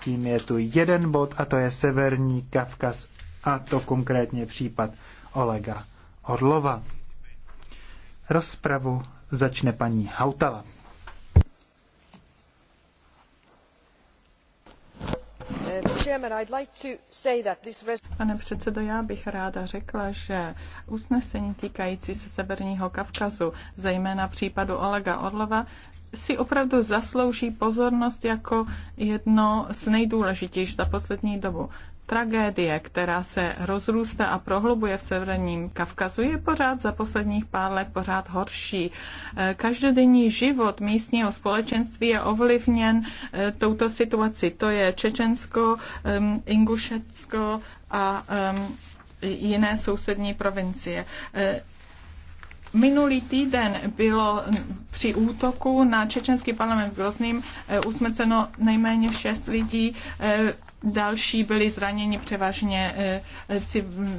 Tím je tu jeden bod a to je Severní Kavkaz a to konkrétně případ Olega Orlova. Rozpravu začne paní Hautala. Pane předsedo, já bych ráda řekla, že usnesení týkající se Severního Kavkazu, zejména případu Olega Orlova, si opravdu zaslouží pozornost jako jedno z nejdůležitějších za poslední dobu. Tragédie, která se rozrůstá a prohlubuje v severním Kavkazu, je pořád za posledních pár let pořád horší. Eh, každodenní život místního společenství je ovlivněn eh, touto situací. To je Čečensko, Ingušecko a jiné sousední provincie. Eh, Minulý týden bylo při útoku na čečenský parlament v Grozným eh, usmrceno nejméně šest lidí. Eh, další byli zraněni převážně eh,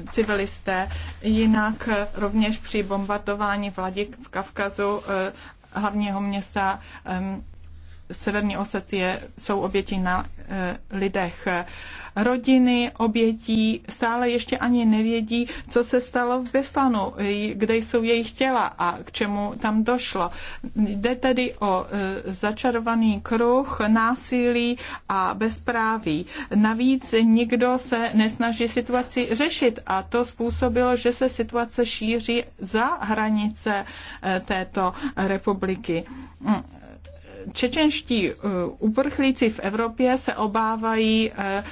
civilisté. Jinak rovněž při bombardování v Kavkazu hlavního města Severní Osetie jsou oběti na e, lidech. Rodiny obětí stále ještě ani nevědí, co se stalo v Beslanu, e, kde jsou jejich těla a k čemu tam došlo. Jde tedy o e, začarovaný kruh násilí a bezpráví. Navíc nikdo se nesnaží situaci řešit a to způsobilo, že se situace šíří za hranice této republiky. Čečenští eh, uprchlíci v Evropě se obávají eh, eh,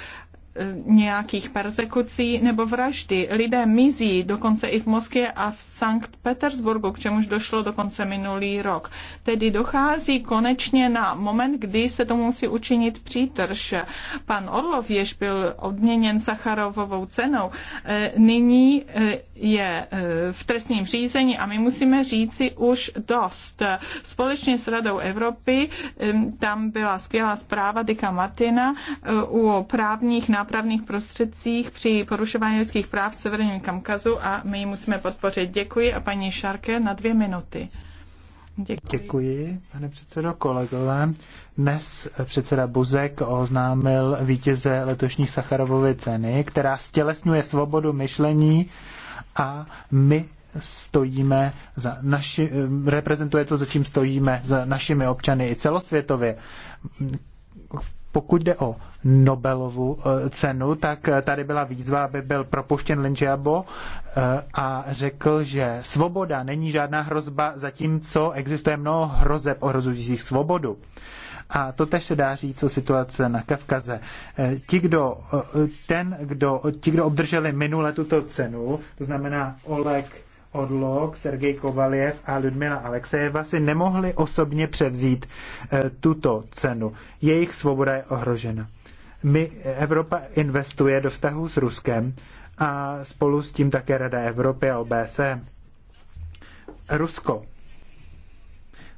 nějakých persekucí nebo vraždy. Lidé mizí dokonce i v Moskvě a v Sankt Petersburgu, k čemuž došlo dokonce minulý rok. Tedy dochází konečně na moment, kdy se to musí učinit přítrž. Pan Orlov, jež byl odměněn Sacharovovou cenou, nyní je e, v trestním řízení a my musíme říci už dost. Společně s Radou Evropy e, tam byla skvělá zpráva Dika Martina o e, právních nápravných prostředcích při porušování lidských práv v Severním Kamkazu a my ji musíme podpořit. Děkuji a paní Šarke na dvě minuty. Děkuji. Děkuji, pane předsedo, kolegové. Dnes předseda Buzek oznámil vítěze letošní Sacharovovy ceny, která stělesňuje svobodu myšlení, a my stojíme za naši, eh, reprezentuje to, za čím stojíme, za našimi občany i celosvětově. Pokud jde o Nobelovu eh, cenu, tak eh, tady byla výzva, aby byl propuštěn Linčiabo a řekl, že svoboda není žádná hrozba, zatímco existuje mnoho hrozeb ohrozujících svobodu. A to tež se dá říct o situace na Kavkaze. E, ti, kdo, e, ten, kdo, ti, kdo obdrželi minule tuto cenu, to znamená Oleg Odlok, Sergej Kovaljev a Ludmila Alexejeva si nemohli osobně převzít e, tuto cenu. Jejich svoboda je ohrožena. My, Evropa investuje do vztahu s Ruskem a spolu s tím také Rada Evropy a OBSE. Rusko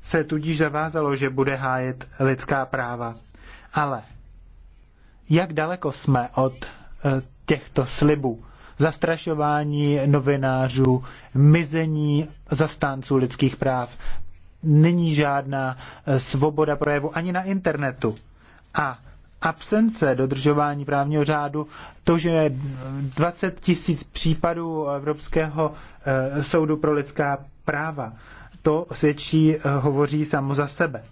se tudíž zavázalo, že bude hájit lidská práva. Ale jak daleko jsme od e, těchto slibů? Zastrašování novinářů, mizení zastánců lidských práv, není žádná e, svoboda projevu ani na internetu. A absence dodržování právního řádu, to, že 20 tisíc případů Evropského e, soudu pro lidská práva, to svědčí, eh, hovoří samo za sebe.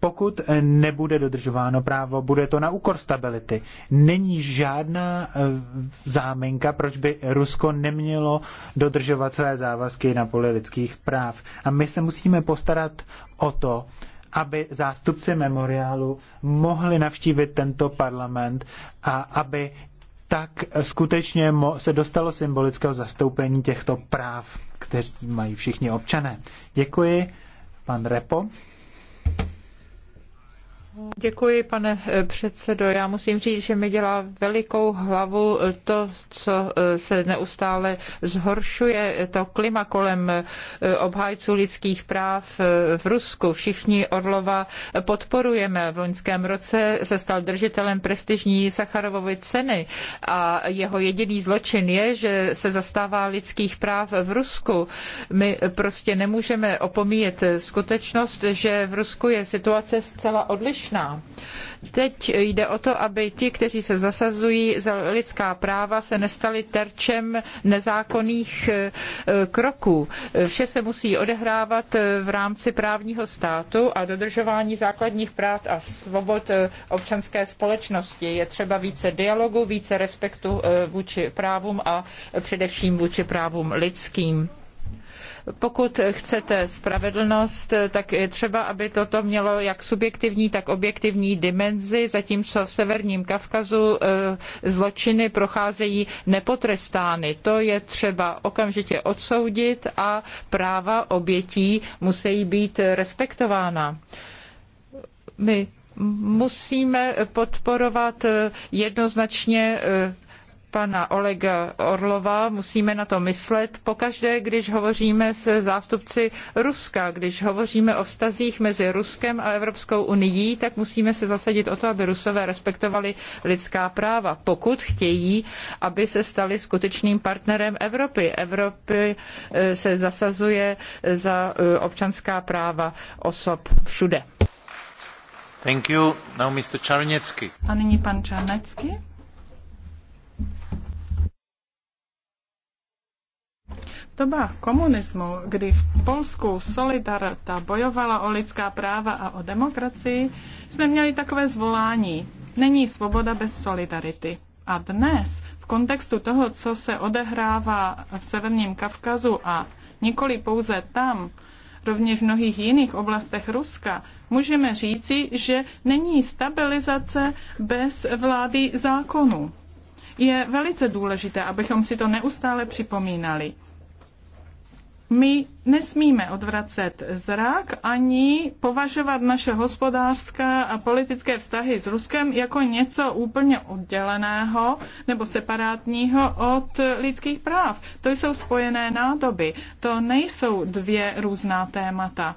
Pokud nebude dodržováno právo, bude to na úkor stability. Není žádná eh, záminka, proč by Rusko nemělo dodržovat své závazky na poli lidských práv. A my se musíme postarat o to, aby zástupci memoriálu mohli navštívit tento parlament a aby tak skutečně se dostalo symbolického zastoupení těchto práv, kteří mají všichni občané. Děkuji, pan Repo. Děkuji, pane eh, předsedo. Já musím říct, že mi dělá velikou hlavu eh, to, co eh, se neustále zhoršuje, to klima kolem obhájců lidských práv v Rusku. Všichni Orlova podporujeme. V loňském roce se stal držitelem prestižní Sacharovovy ceny a jeho jediný zločin je, že se zastává lidských práv v Rusku. My prostě nemůžeme opomíjet skutečnost, že v Rusku je situace zcela odlišná směšná. Teď jde o to, aby ti, kteří se zasazují za lidská práva, se nestali terčem nezákonných eh, kroků. Vše se musí odehrávat eh, v rámci právního státu a dodržování základních práv a svobod eh, občanské společnosti. Je třeba více dialogu, více respektu vůči právům a především vůči právům lidským. Pokud chcete spravedlnost, tak je třeba, aby toto mělo jak subjektivní, tak objektivní dimenzi, zatímco v Severním Kavkazu eh, zločiny procházejí nepotrestány. To je třeba okamžitě odsoudit a práva obětí musí být respektována. My musíme podporovat eh, jednoznačně eh, pana Olega Orlova. Musíme na to myslet pokaždé, když hovoříme se zástupci Ruska, když hovoříme o vztazích mezi Ruskem a Evropskou unií, tak musíme se zasadit o to, aby Rusové respektovali lidská práva, pokud chtějí, aby se stali skutečným partnerem Evropy. Evropy eh, se zasazuje za eh, občanská práva osob všude. Thank you. Now Mr. A nyní pan Čarnecký doba komunismu, kdy v Polsku Solidarita bojovala o lidská práva a o demokracii, jsme měli takové zvolání. Není svoboda bez solidarity. A dnes, v kontextu toho, co se odehrává v Severním Kavkazu a nikoli pouze tam, rovněž v mnohých jiných oblastech Ruska, můžeme říci, že není stabilizace bez vlády zákonů je velice důležité, abychom si to neustále připomínali. My nesmíme odvracet zrak ani považovat naše hospodářské a politické vztahy s Ruskem jako něco úplně odděleného nebo separátního od lidských práv. To jsou spojené nádoby. To nejsou dvě různá témata.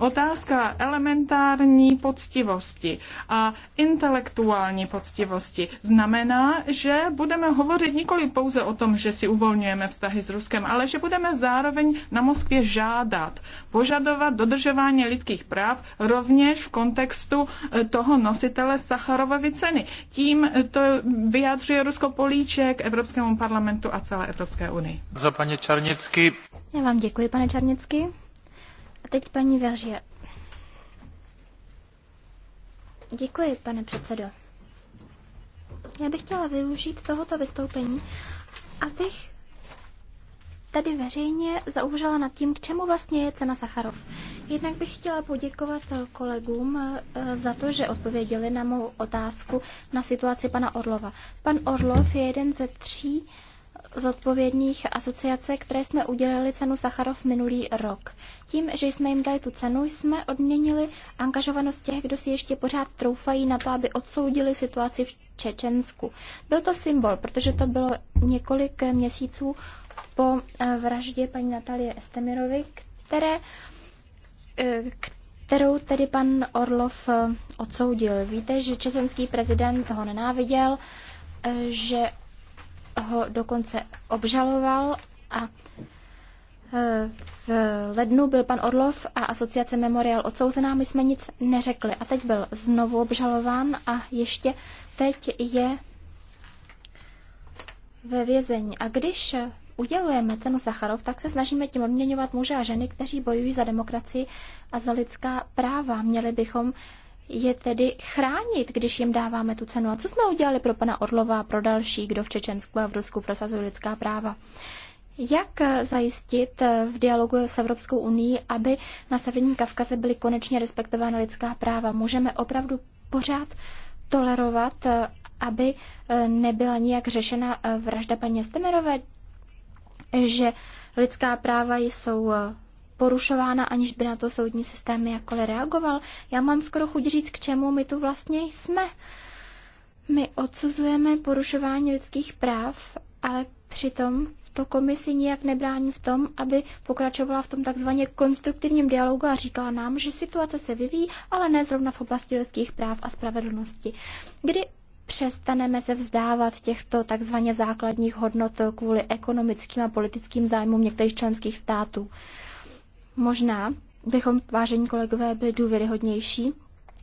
Otázka elementární poctivosti a intelektuální poctivosti znamená, že budeme hovořit nikoli pouze o tom, že si uvolňujeme vztahy s Ruskem, ale že budeme zároveň na Moskvě žádat, požadovat dodržování lidských práv rovněž v kontextu e, toho nositele Sacharovovy ceny. Tím e, to vyjadřuje Rusko políček Evropskému parlamentu a celé Evropské unii. Za paní Čarnicky. Já vám děkuji, pane Čarnicky teď paní Veržia. Děkuji, pane předsedo. Já bych chtěla využít tohoto vystoupení, abych tady veřejně zauvažovala nad tím, k čemu vlastně je cena Sacharov. Jednak bych chtěla poděkovat kolegům eh, za to, že odpověděli na mou otázku na situaci pana Orlova. Pan Orlov je jeden ze tří zodpovědných asociace, které jsme udělili cenu Sacharov minulý rok. Tím, že jsme jim dali tu cenu, jsme odměnili angažovanost těch, kdo si ještě pořád troufají na to, aby odsoudili situaci v Čečensku. Byl to symbol, protože to bylo několik měsíců po eh, vraždě paní Natalie Estemirovy, které, eh, kterou tedy pan Orlov eh, odsoudil. Víte, že čečenský prezident ho nenáviděl, že ho dokonce obžaloval a e, v lednu byl pan Orlov a asociace Memorial odsouzená, my jsme nic neřekli. A teď byl znovu obžalován a ještě teď je ve vězení. A když udělujeme cenu Sacharov, tak se snažíme tím odměňovat muže a ženy, kteří bojují za demokracii a za lidská práva. Měli bychom je tedy chránit, když jim dáváme tu cenu. A co jsme udělali pro pana Orlova a pro další, kdo v Čečensku a v Rusku prosazují lidská práva? Jak zajistit v dialogu s Evropskou unii, aby na Severním Kavkaze byly konečně respektována lidská práva? Můžeme opravdu pořád tolerovat, aby nebyla nijak řešena vražda paní Stemerové, že lidská práva jsou porušována, aniž by na to soudní systém jakkoliv reagoval. Já mám skoro chuť říct, k čemu my tu vlastně jsme. My odsuzujeme porušování lidských práv, ale přitom to komisi nijak nebrání v tom, aby pokračovala v tom takzvaně konstruktivním dialogu a říkala nám, že situace se vyvíjí, ale ne zrovna v oblasti lidských práv a spravedlnosti. Kdy přestaneme se vzdávat těchto takzvaně základních hodnot kvůli ekonomickým a politickým zájmům některých členských států. Možná bychom, vážení kolegové, byli důvěryhodnější,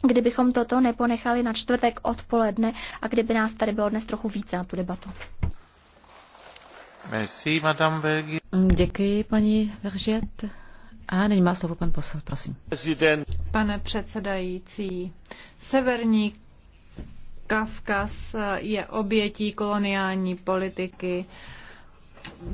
kdybychom toto neponechali na čtvrtek odpoledne a kdyby nás tady bylo dnes trochu více na tu debatu. Merci, Madame Vergier. Děkuji, paní Veržet. A nyní má slovo pan posel, prosím. Pane předsedající, Severní Kavkaz je obětí koloniální politiky.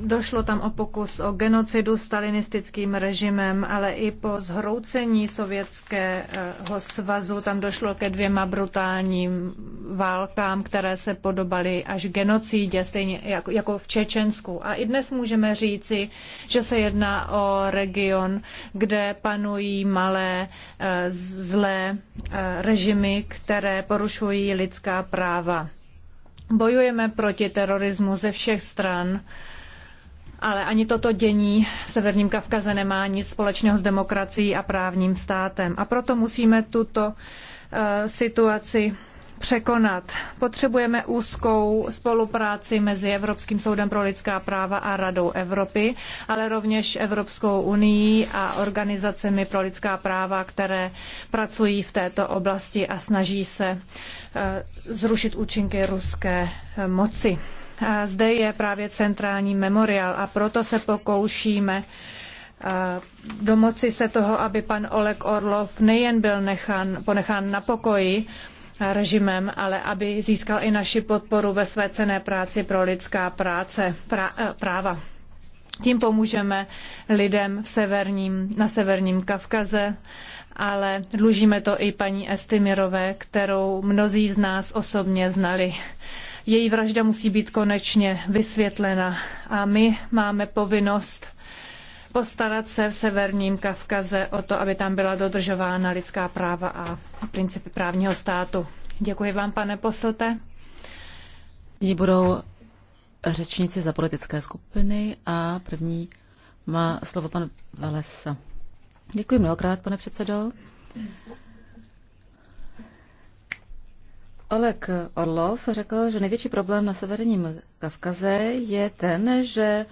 Došlo tam o pokus o genocidu stalinistickým režimem, ale i po zhroucení Sovětského svazu tam došlo ke dvěma brutálním válkám, které se podobaly až genocídě, stejně jako, jako v Čečensku. A i dnes můžeme říci, že se jedná o region, kde panují malé eh, zlé eh, režimy, které porušují lidská práva. Bojujeme proti terorismu ze všech stran ale ani toto dění v Severním Kavkaze nemá nic společného s demokracií a právním státem. A proto musíme tuto eh, situaci překonat. Potřebujeme úzkou spolupráci mezi Evropským soudem pro lidská práva a Radou Evropy, ale rovněž Evropskou unii a organizacemi pro lidská práva, které pracují v této oblasti a snaží se eh, zrušit účinky ruské eh, moci zde je právě centrální memoriál a proto se pokoušíme domoci se toho, aby pan Oleg Orlov nejen byl nechán, ponechán na pokoji režimem, ale aby získal i naši podporu ve své cené práci pro lidská práce, pra, práva. Tím pomůžeme lidem v severním, na severním Kavkaze, ale dlužíme to i paní Estimirové, kterou mnozí z nás osobně znali. Její vražda musí být konečně vysvětlena a my máme povinnost postarat se v Severním Kavkaze o to, aby tam byla dodržována lidská práva a principy právního státu. Děkuji vám, pane poslte. Nyní budou řečníci za politické skupiny a první má slovo pan Valesa. Děkuji mnohokrát, pane předsedo. Oleg Orlov řekl, že největší problém na severním Kavkaze je ten, že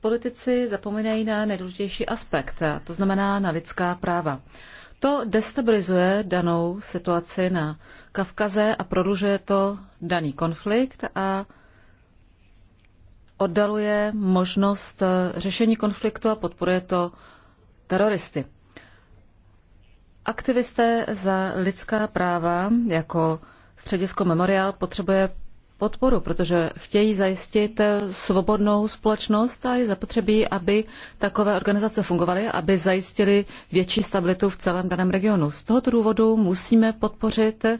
politici zapomínají na nejdůležitější aspekt, to znamená na lidská práva. To destabilizuje danou situaci na Kavkaze a prodlužuje to daný konflikt a oddaluje možnost řešení konfliktu a podporuje to teroristy. Aktivisté za lidská práva jako středisko Memorial potřebuje podporu, protože chtějí zajistit svobodnou společnost a je zapotřebí, aby takové organizace fungovaly, aby zajistili větší stabilitu v celém daném regionu. Z tohoto důvodu musíme podpořit eh,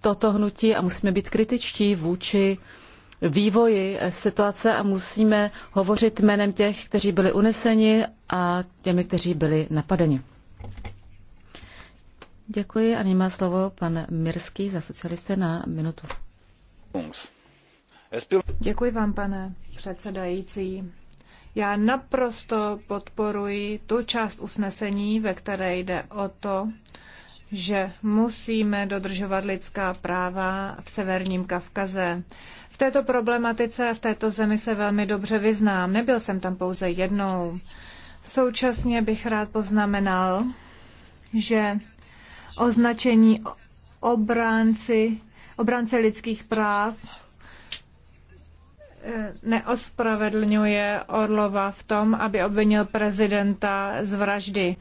toto hnutí a musíme být kritičtí vůči vývoji eh, situace a musíme hovořit jménem těch, kteří byli uneseni a těmi, kteří byli napadeni. Děkuji a nyní má slovo pan Mirský za socialisté na minutu. Děkuji vám, pane předsedající. Já naprosto podporuji tu část usnesení, ve které jde o to, že musíme dodržovat lidská práva v Severním Kavkaze. V této problematice a v této zemi se velmi dobře vyznám. Nebyl jsem tam pouze jednou. Současně bych rád poznamenal, že označení obránci, obránce lidských práv eh, neospravedlňuje Orlova v tom, aby obvinil prezidenta z vraždy.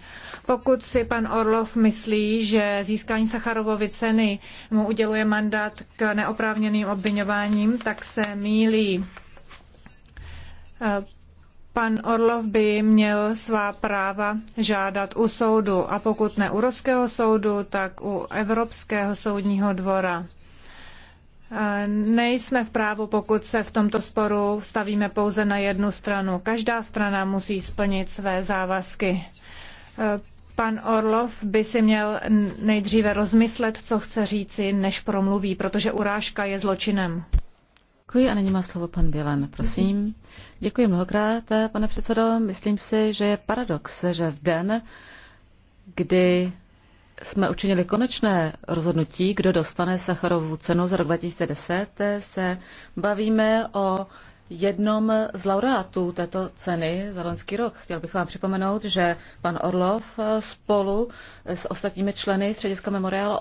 Pokud si pan Orlov myslí, že získání Sacharovovy ceny mu uděluje mandát k neoprávněným obvinováním, tak se mílí. Eh, pan Orlov by měl svá práva žádat u soudu a pokud ne u ruského soudu, tak u Evropského soudního dvora. Nejsme v právu, pokud se v tomto sporu stavíme pouze na jednu stranu. Každá strana musí splnit své závazky. E, pan Orlov by si měl nejdříve rozmyslet, co chce říci, než promluví, protože urážka je zločinem. Děkuji a nyní má slovo pan Bělan, prosím. Děkuji mnohokrát, pane předsedo. Myslím si, že je paradox, že v den, kdy jsme učinili konečné rozhodnutí, kdo dostane Sacharovu cenu za rok 2010, se bavíme o jednom z laureátů této ceny za loňský rok. Chtěl bych vám připomenout, že pan Orlov spolu s ostatními členy Střediska Memoriálu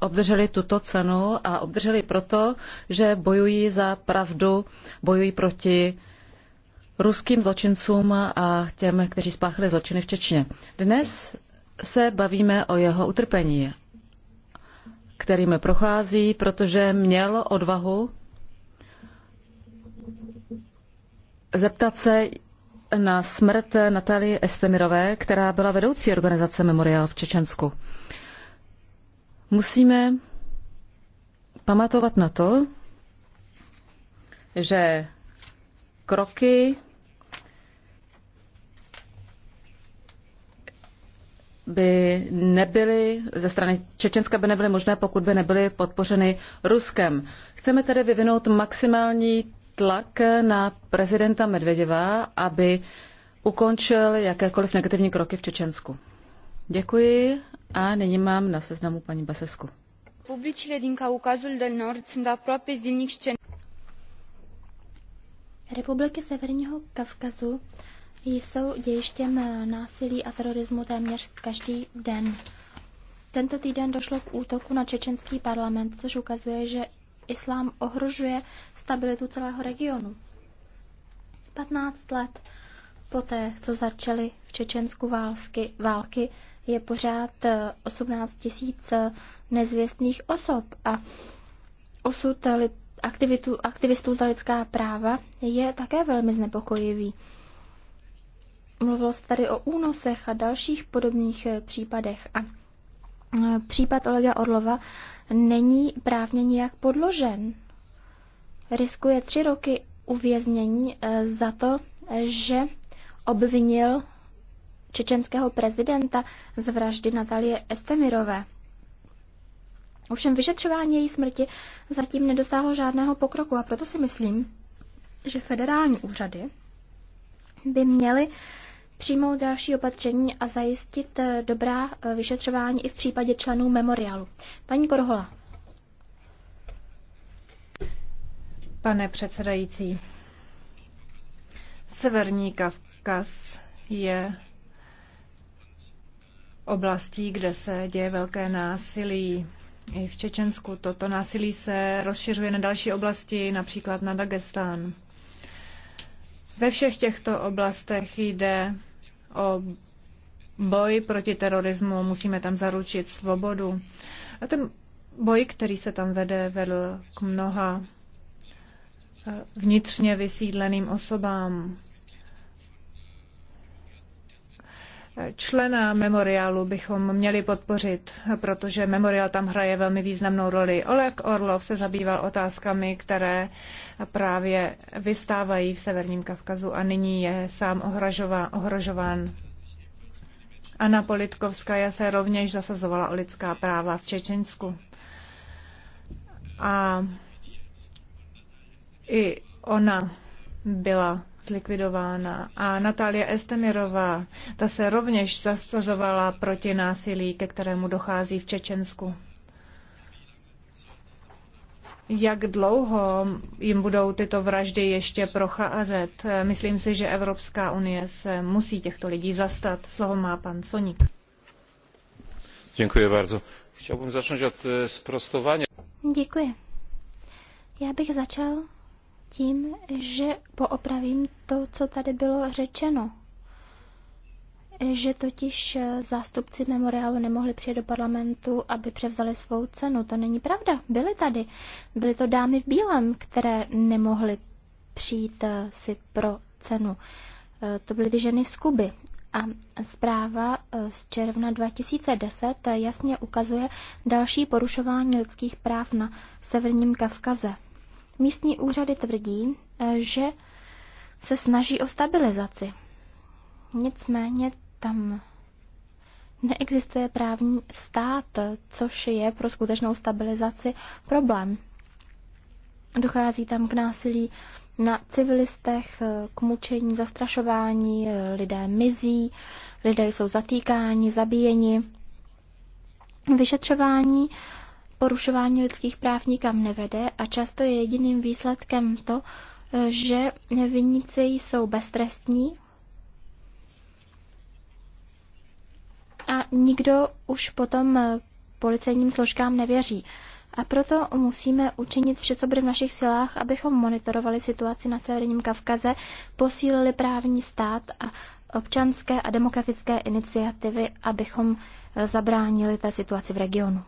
obdrželi tuto cenu a obdrželi proto, že bojují za pravdu, bojují proti ruským zločincům a těm, kteří spáchali zločiny v Čečně. Dnes se bavíme o jeho utrpení, kterým prochází, protože měl odvahu zeptat se na smrt Natalie Estemirové, která byla vedoucí organizace Memorial v Čečensku. Musíme pamatovat na to, že kroky by nebyly ze strany Čečenska by nebyly možné, pokud by nebyly podpořeny Ruskem. Chceme tedy vyvinout maximální tlak na prezidenta Medvedeva, aby ukončil jakékoliv negativní kroky v Čečensku. Děkuji a nyní mám na seznamu paní Basesku. Publicile din Caucazul del Nord sunt aproape zilnic scen... Republiky Severního Kavkazu jsou dějištěm násilí a terorismu téměř každý den. Tento týden došlo k útoku na čečenský parlament, což ukazuje, že islám ohrožuje stabilitu celého regionu. 15 let Poté, co začaly v Čečensku války, války je pořád 18 eh, tisíc eh, nezvěstných osob a osud eh, aktivitu, aktivistů za lidská práva je také velmi znepokojivý. Mluvilo se tady o únosech a dalších podobných případech a případ Olega Orlova není právně nijak podložen. Riskuje tři roky uvěznění za to, že obvinil čečenského prezidenta z vraždy Natalie Estemirové. Ovšem vyšetřování její smrti zatím nedosáhlo žádného pokroku a proto si myslím, že federální úřady by měly přijmout další opatření a zajistit eh, dobrá eh, vyšetřování i v případě členů memoriálu. Paní Korhola. Pane předsedající, Severní Kavkaz je oblastí, kde se děje velké násilí. I v Čečensku toto násilí se rozšiřuje na další oblasti, například na Dagestán. Ve všech těchto oblastech jde o boj proti terorismu, musíme tam zaručit svobodu. A ten boj, který se tam vede, vedl k mnoha vnitřně vysídleným osobám. člena memoriálu bychom měli podpořit, protože memoriál tam hraje velmi významnou roli. Oleg Orlov se zabýval otázkami, které právě vystávají v Severním Kavkazu a nyní je sám ohrožován. ohrožován. Anna Politkovská se rovněž zasazovala o lidská práva v Čečensku. A i ona byla zlikvidována. A Natália Estemirová, ta se rovněž zastazovala proti násilí, ke kterému dochází v Čečensku. Jak dlouho jim budou tyto vraždy ještě procházet? Myslím si, že Evropská unie se musí těchto lidí zastat. Slovo má pan Sonik. Děkuji bardzo. Chciałbym začít od sprostování. Eh, Děkuji. Já bych začal tím, že poopravím to, co tady bylo řečeno. Že totiž eh, zástupci memoriálu nemohli přijet do parlamentu, aby převzali svou cenu. To není pravda. Byly tady. Byly to dámy v bílém, které nemohly přijít eh, si pro cenu. Eh, to byly ty ženy z Kuby. A zpráva z června 2010 jasně ukazuje další porušování lidských práv na Severním Kavkaze. Místní úřady tvrdí, eh, že se snaží o stabilizaci. Nicméně tam neexistuje právní stát, což je pro skutečnou stabilizaci problém. Dochází tam k násilí na civilistech, eh, k mučení, zastrašování, eh, lidé mizí, lidé jsou zatýkáni, zabíjeni. Vyšetřování porušování lidských práv nikam nevede a často je jediným výsledkem to, že viníci jsou beztrestní a nikdo už potom policejním složkám nevěří. A proto musíme učinit vše, co bude v našich silách, abychom monitorovali situaci na Severním Kavkaze, posílili právní stát a občanské a demokratické iniciativy, abychom zabránili té situaci v regionu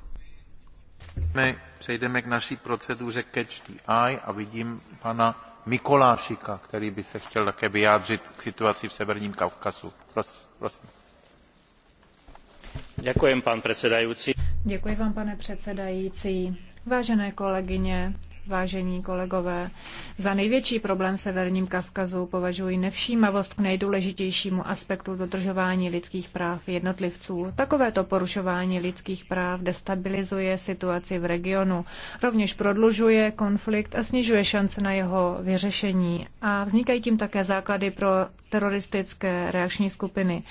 přejdeme k naší proceduře catch the eye a vidím pana Mikolášika, který by se chtěl také vyjádřit k situaci v Severním Kavkazu. Prosím. Děkuji, pan Děkuji vám, pane předsedající. Vážené kolegyně, vážení kolegové. Za největší problém v Severním Kavkazu považuji nevšímavost k nejdůležitějšímu aspektu dodržování lidských práv jednotlivců. Takovéto porušování lidských práv destabilizuje situaci v regionu, rovněž prodlužuje konflikt a snižuje šance na jeho vyřešení. A vznikají tím také základy pro teroristické reakční skupiny.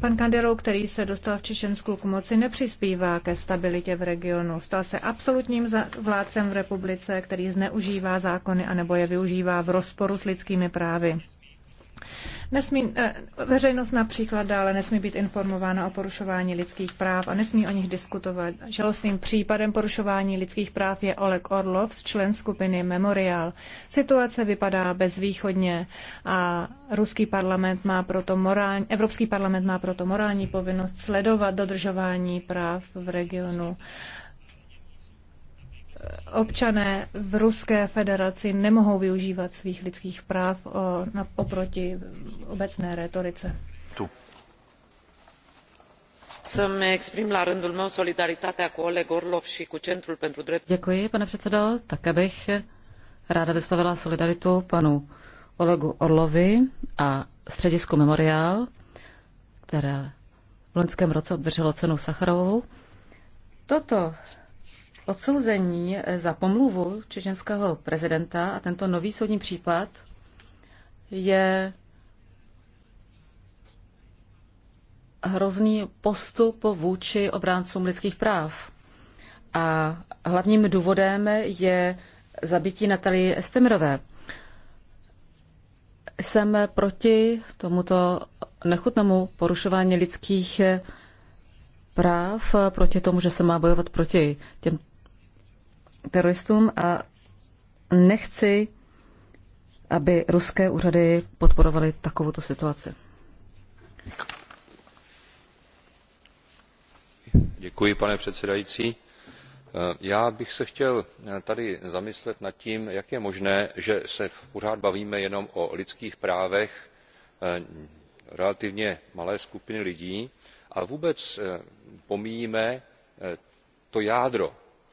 Pan Kanderou, který se dostal v Čečensku k moci, nepřispívá ke stabilitě v regionu. Stal se absolutním vládcem v republice, který zneužívá zákony anebo je využívá v rozporu s lidskými právy. Nesmí, eh, veřejnost například dále nesmí být informována o porušování lidských práv a nesmí o nich diskutovat. Žalostným případem porušování lidských práv je Oleg Orlov z člen skupiny Memorial. Situace vypadá bezvýchodně a ruský parlament má proto morální, Evropský parlament má proto morální povinnost sledovat dodržování práv v regionu občané v Ruské federaci nemohou využívat svých lidských práv oproti obecné retorice. Tu. Děkuji, pane předsedo. Také bych ráda vyslovila solidaritu panu Olegu Orlovi a středisku Memorial, které v loňském roce obdrželo cenu Sacharovou. Toto odsouzení eh, za pomluvu čečenského prezidenta a tento nový soudní případ je hrozný postup vůči obráncům lidských práv. A hlavním důvodem je zabití Natalie Estemirové. Jsem proti tomuto nechutnému porušování lidských práv, proti tomu, že se má bojovat proti těm, teroristům a nechci, aby ruské úřady podporovaly takovouto situaci. Děkuji, pane předsedající eh, já bych se chtěl eh, tady zamyslet nad tím jak je možné že se pořád bavíme jenom o lidských právech eh, relativně malé skupiny lidí a vůbec pomíjíme to jádro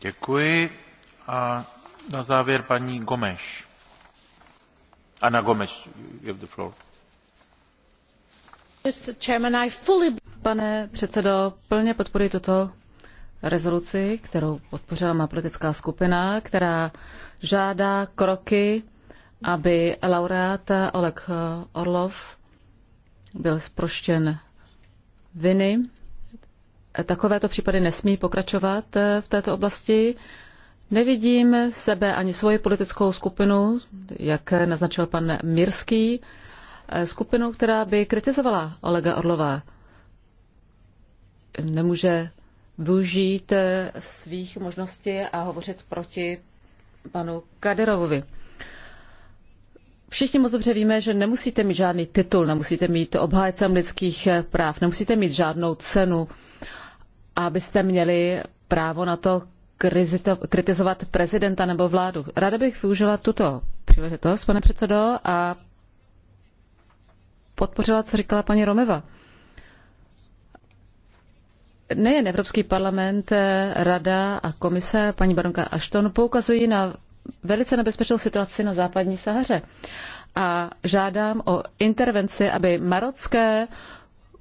Děkuji. A na závěr paní Gomes. Ana Gomes, you have the floor. Pane předsedo, plně podporuji toto rezoluci, kterou podpořila má politická skupina, která žádá kroky, aby laureát Oleg Orlov byl zproštěn viny takovéto případy nesmí pokračovat eh, v této oblasti. Nevidím sebe ani svoji politickou skupinu, jak naznačil pan Mirský, eh, skupinu, která by kritizovala Olega Orlova. Nemůže využít eh, svých možností a hovořit proti panu Kaderovovi. Všichni moc dobře víme, že nemusíte mít žádný titul, nemusíte mít obhájcem lidských práv, nemusíte mít žádnou cenu abyste měli právo na to kritizovat prezidenta nebo vládu. Ráda bych využila tuto příležitost, pane předsedo, a podpořila, co říkala paní Romeva. Nejen Evropský parlament, Rada a komise, paní baronka Ashton, poukazují na velice nebezpečnou situaci na západní Sahaře. A žádám o intervenci, aby marocké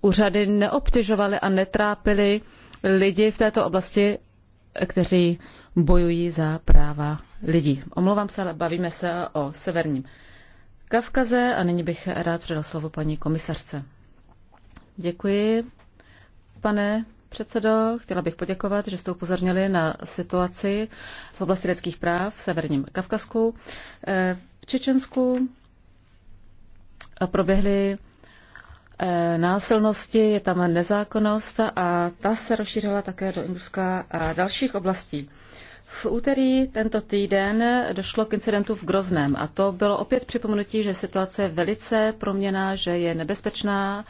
úřady neobtěžovaly a netrápily lidi v této oblasti, kteří bojují za práva lidí. Omlouvám se, ale bavíme se o severním Kavkaze a nyní bych rád předal slovo paní komisařce. Děkuji, pane předsedo. Chtěla bych poděkovat, že jste upozornili na situaci v oblasti lidských práv v severním Kavkazku. Eh, v Čečensku proběhly E, násilnosti, je tam nezákonnost a ta se rozšířila také do Induska a dalších oblastí. V úterý tento týden došlo k incidentu v Grozném a to bylo opět připomenutí, že situace je velice proměná, že je nebezpečná,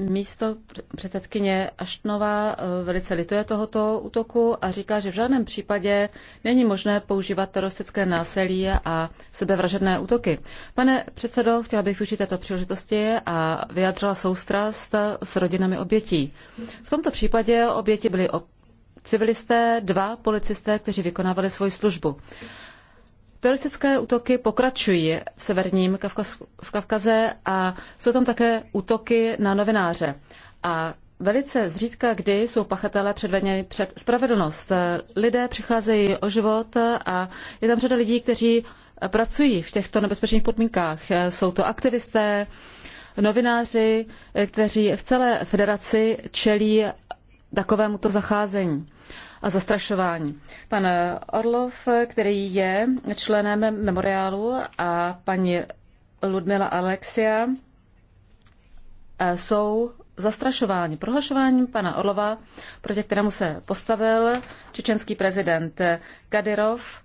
místo předsedkyně Aštnová eh, velice lituje tohoto útoku a říká, že v žádném případě není možné používat teroristické násilí a sebevražedné útoky. Pane předsedo, chtěla bych využít této příležitosti a vyjádřila soustrast s rodinami obětí. V tomto případě oběti byly civilisté, dva policisté, kteří vykonávali svoji službu. Teroristické útoky pokračují v severním Kavkazu, v Kavkaze a jsou tam také útoky na novináře. A velice zřídka, kdy jsou pachatelé předvedeni před spravedlnost. Lidé přicházejí o život a je tam řada lidí, kteří pracují v těchto nebezpečných podmínkách. Jsou to aktivisté, novináři, kteří v celé federaci čelí takovémuto zacházení a zastrašování. Pan Orlov, který je členem memoriálu, a paní Ludmila Alexia eh, jsou zastrašováni. Prohlašováním pana Orlova, proti kterému se postavil čečenský prezident Kadyrov,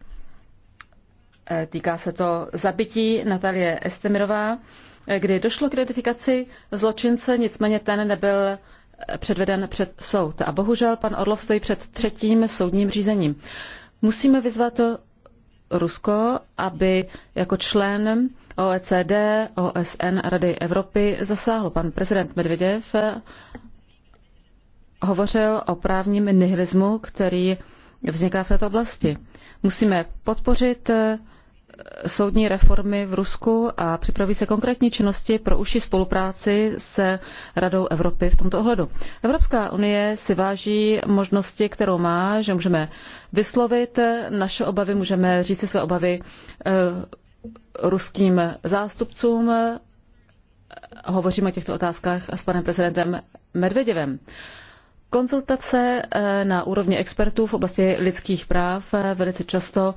eh, týká se to zabití Natalie Estemirová, eh, kdy došlo k identifikaci zločince, nicméně ten nebyl předveden před soud. A bohužel pan Orlov stojí před třetím soudním řízením. Musíme vyzvat Rusko, aby jako člen OECD, OSN a Rady Evropy zasáhlo. Pan prezident Medvedev eh, hovořil o právním nihilismu, který vzniká v této oblasti. Musíme podpořit eh, soudní reformy v Rusku a připraví se konkrétní činnosti pro užší spolupráci s Radou Evropy v tomto ohledu. Evropská unie si váží možnosti, kterou má, že můžeme vyslovit naše obavy, můžeme říci své obavy eh, ruským zástupcům. Hovoříme o těchto otázkách s panem prezidentem Medvedevem. Konzultace eh, na úrovni expertů v oblasti lidských práv eh, velice často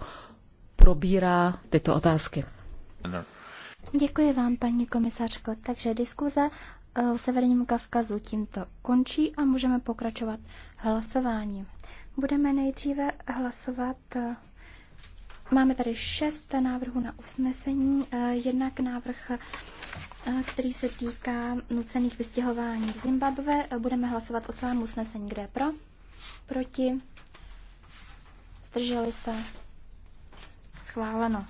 probírá tyto otázky. Děkuji vám, paní komisařko. Takže diskuze o eh, Severním Kavkazu tímto končí a můžeme pokračovat hlasováním. Budeme nejdříve hlasovat. Eh, máme tady šest návrhů na usnesení. Eh, jednak návrh, který se týká nucených vystěhování v Zimbabve. Budeme hlasovat o celém usnesení. Kdo je pro? Proti? Zdrželi se? schváleno.